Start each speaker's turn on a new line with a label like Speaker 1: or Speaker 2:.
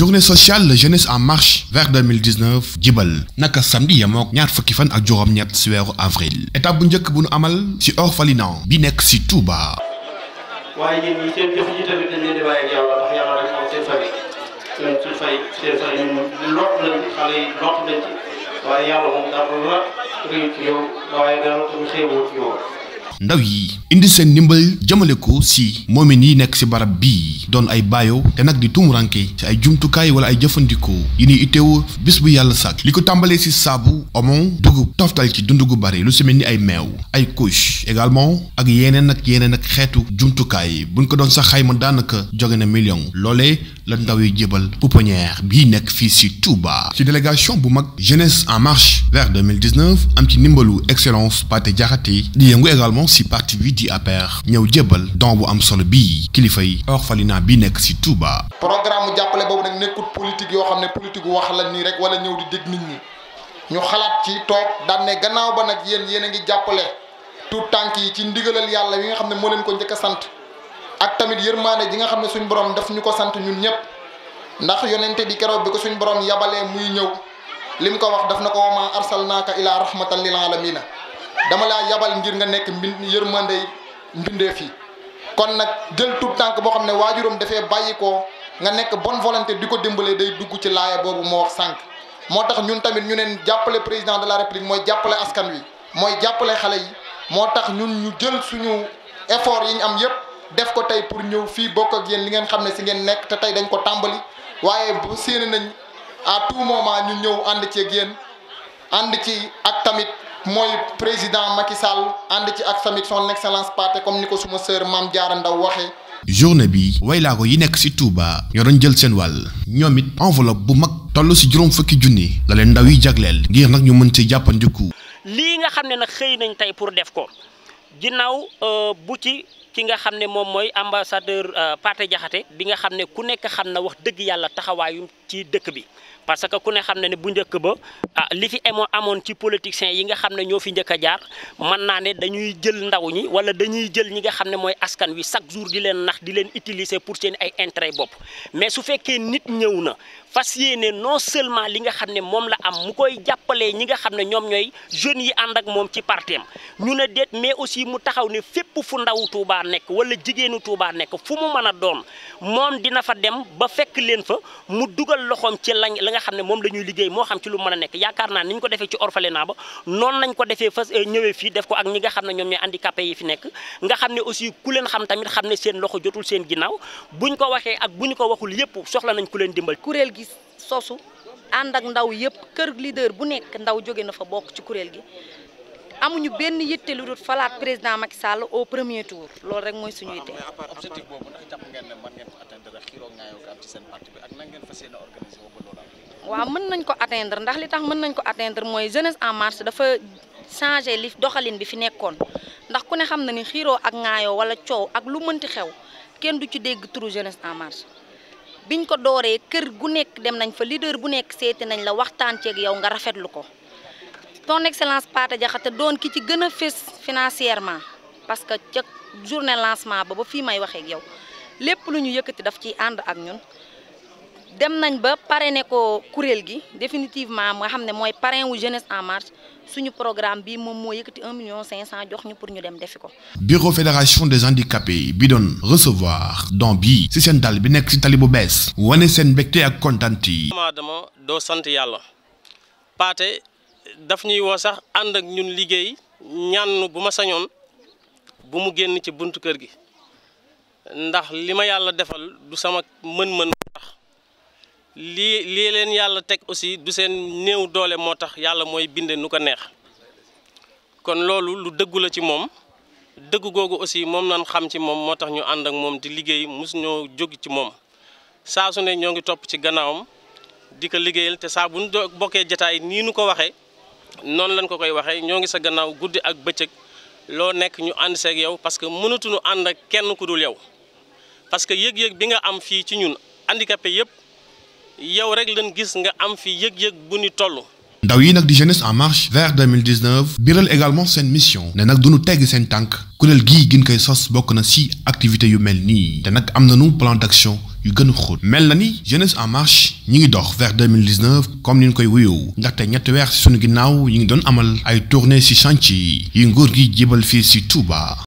Speaker 1: journée sociale jeunesse en marche vers 2019 jibal naka samedi yemook ñaar fukki fan ak juróom-ñett ci avril étape bu njëkk bu nu amal ci orphelinat bi nekk ci Touba.
Speaker 2: waaye yéen ñi moom seen famille ñun
Speaker 1: suñ ndaw yi. indi seen ndimbal jëmale ko si moomin yi nekk si barab bii doon ay baayo te nag di tumuranke ci ay jumtukaay wala ay jëfandikoo yi ñuy itteewu bis bu yàlla sàkk li ko tàmbalee si saabu omon dugub toftal ci dund gu bari lu si mel ni ay meew ay couche également ak yeneen ak yeneen ak xeetu jumtukaay buñ ko doon sax ma daanaka jóge na million loole la ndaw yi jébal pouponnière bii nekk fii si Touba ci délégation bu mag jeunesse en marche vers 2019 am ci ndimbalu excellence Pathé njiit yi APR ñëw jébbal don bu am solo bii kilifa yi orphelinat bi nekk ci Touba. programme mu
Speaker 3: jàppale boobu nag nekkut politique yoo xam ne politique wax la nii rek wala ñëw di dégg nit ñi ñu xalaat ci toog daan ne gannaaw ba nag yéen yéen a ngi jàppale tout tànk yi ci ndigalal yàlla yi nga xam ne moo leen ko njëkk a sant ak tamit yërmaane ji nga xam ne suñ borom daf ñu ko sant ñun ñëpp ndax yonente di keroog bi ko suñ borom yabalee muy ñëw lim ko wax daf na ko wama arsalnaaka ilaa rahmatan lil alamina dama laa yabal ngir nga nekk mbind yërmande mbindeef yi kon nag jël tout tànk boo xam ne waajuram defee bàyyi ko nga nekk bonne volonté di ko dimbalee day dugg ci laaya boobu moo wax sànq moo tax ñun tamit ñu neen jàppale président de la république mooy jàppale askan wi mooy jàppale xale yi moo tax ñun ñu jël suñu effort yi ñu am yépp def ko tey pour ñëw fii bokk ak yéen li ngeen xam ne si ngeen nekk te tey dañ ko tàmbali waaye bu séen nañ à tout moment ñu ñëw ànd ci yéen ànd ci ak tamit mooy président Macky Sall ànd ci ak tamit son excellence Pathé comme ni ko suma sœur Mame Diarra Ndaw waxee.
Speaker 1: journée bi waylaago yi nekk ci Touba ñoo doon jël seen wàll ñoom it enveloppe bu mag toll ci juróom fukki junni la leen ndaw yi jagleel ngir nag ñu mën ci jàppandiku.
Speaker 4: lii nga xam ne nag xëy nañ tey pour def ko ginnaaw euh, bu ci. ki nga xam ne moom mooy ambassadeur euh, Pathé Diakhaté bi nga xam ne ku nekk xam na wax dëgg yàlla taxawaayu ci dëkk bi parce que ku ne xam ne ne bu njëkk ba ah li fi amoon amoon ci politiciens yi nga xam ne ñoo fi njëkk a jaar mën naa ne dañuy jël ndaw ñi wala dañuy jël ñi nga xam ne mooy askan wi chaque jour di leen nax di leen utiliser pour seen ay intérêt bopp mais su fekkee nit ñëw na fas yéene non seulement li nga xam ne moom la am mu koy jàppalee ñi nga xam ne ñoom ñooy jeunes yi ànd ak moom ci parteem ñu taxaw ne fépp fu ndaw Touba Touba nekk wala jigéenu Touba nekk fu mu mën a doon moom dina fa dem ba fekk leen fa mu dugal loxoom ci lañ la xam ne moom la ñuy liggéey moo xam ci lu mën a nekk yaakaar naa ni ñu ko defee ci orphelinat ba noonu lañ ko defee fa euh, ñëwee fii def ko ak ñi nga xam ne ñoom ñooy handicapé yi fi nekk nga xam ne aussi ku leen xam tamit xam ne seen loxo jotul seen ginnaaw buñ ko waxee ak bu ñu ko waxul yépp soxla nañ ku leen dimbal kuréel gi sosu
Speaker 5: ànd ak ndaw yëpp kër leader bu nekk ndaw jóge na fa bokk ci kuréel gi
Speaker 2: amuñu benn yitte lu dul falaat président
Speaker 5: Macky Sall au premier tour loolu rek mooy suñu yitte.
Speaker 2: boobu ndax jàpp ngeen ne mën waaw
Speaker 5: mën nañ ko atteindre ndax li tax mën nañ ko atteindre mooy jeunesse en marche dafa changé li doxalin bi fi nekkoon ndax ku ne xam na ni xiiro ak ngaayoo wala coow ak lu mënti xew kenn du ci dégg turu jeunesse en marche. biñ ko dooree kër gu nekk dem nañ fa leader bu nekk seeti nañ la waxtaan ceeg yow nga rafet lu ko son excellence Pate Diakhaté doon ki ci gën a fés financièrement parce que ca journée lancement ba ba fii may waxee yow lépp lu ñu yëkkati daf ciy ànd ak ñun dem nañ ba ne ko kuréel gi définitivement nga xam ne mooy parrain wu jeunesse en marche suñu programme bi moom moo yëkkati 1 million 500 jox ñu pour ñu dem defi ko.
Speaker 1: bureau fédération des handicapés bi doon recevoir don bi ci seen dal bi nekk ci tali bu bees. wane seen mbégte ak kontaan yi.
Speaker 2: dama doo sant yàlla Pate daf ñuy woo sax ànd ak ñun liggéey ñaan bu ma sañoon bu mu génn ci buntu kër gi ndax li ma yàlla defal du sama mën-mën moo tax lii lii leen yàlla teg aussi du seen néew doole moo tax yàlla mooy binde nu ko neex kon loolu lu dëggu la ci moom dëgg googu aussi moom nan xam ci moom moo tax ñu ànd ak moom di liggéey mus ñoo jóg ci moom saa su ne ñoo ngi topp ci gannaawam di ko liggéeyal te saa bu ñu bokkee jataay nii nu ko waxe noonu lañ ko koy waxee ñoo ngi sa gannaaw guddi ak bëccëg loo nekk ñu ànd seeg yow parce que mënatuñu ànd kenn ku dul yow parce que yëg-yëg bi nga am fii ci ñun handicapé yëpp yow rek lañ gis nga am fii yëg-yëg bu ni toll.
Speaker 1: ndaw yi nag di jeunesse en marche vers 2019 biral également seen mission nee nag du ñu tegg seen tànk kuréel gii gin koy sos bokk na si activité yu mel nii te nag am nañu plan d'action yu gën a xóot mel na ni jeunesse en marche ñi ngi dox vers 2019 comme ni ñu koy wuyoo ndaxte ñetti weer ci sunu ginnaaw ñi ngi doon amal ay tournée ci chantier yi nguur gi jébal fii ci Touba